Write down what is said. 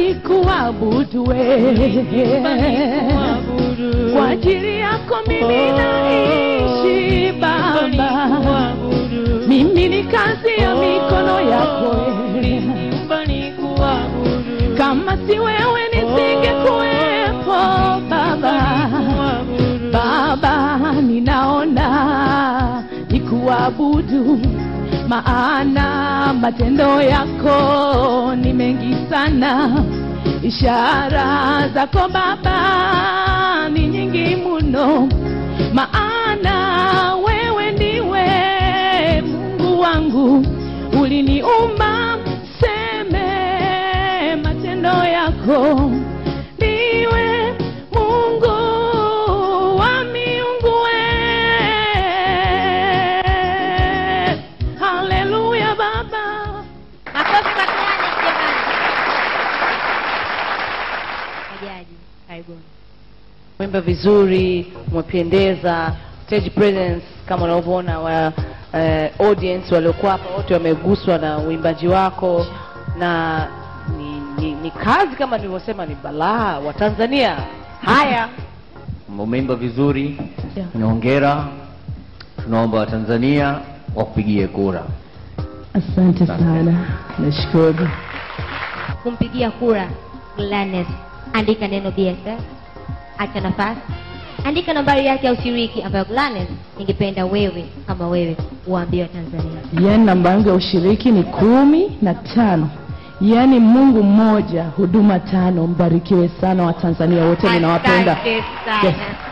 nikuabudu wewe, kwa ajili yako mimi oh. naishi Baba, mimi ni kazi ya oh. mikono yako kama si wewe nisingekuwepo oh. Baba. Baba, ninaona nikuabudu maana matendo yako ni mengi sana, ishara zako Baba ni nyingi mno, maana wewe ndiwe Mungu wangu, uliniumba, seme matendo yako Jaji. Karibuni. Mwimba vizuri, umependeza, stage presence kama unavyoona wa uh, audience waliokuwa hapa wote wameguswa na uimbaji wako na ni, ni, ni kazi kama nilivyosema, ni balaa wa Tanzania. Haya, umeimba vizuri yeah. hongera, tunaomba Watanzania wakupigie kura. Asante sana, nashukuru. Kumpigia kura Glanes andika neno BSF, acha nafasi, andika nambari yake ya ushiriki ambayo Glanes, ningependa wewe kama wewe uambie Tanzania. yani namba yangu ya ushiriki ni kumi na tano. Yaani Mungu mmoja, huduma tano. Mbarikiwe sana Watanzania wote, ninawapenda. sana. Yes.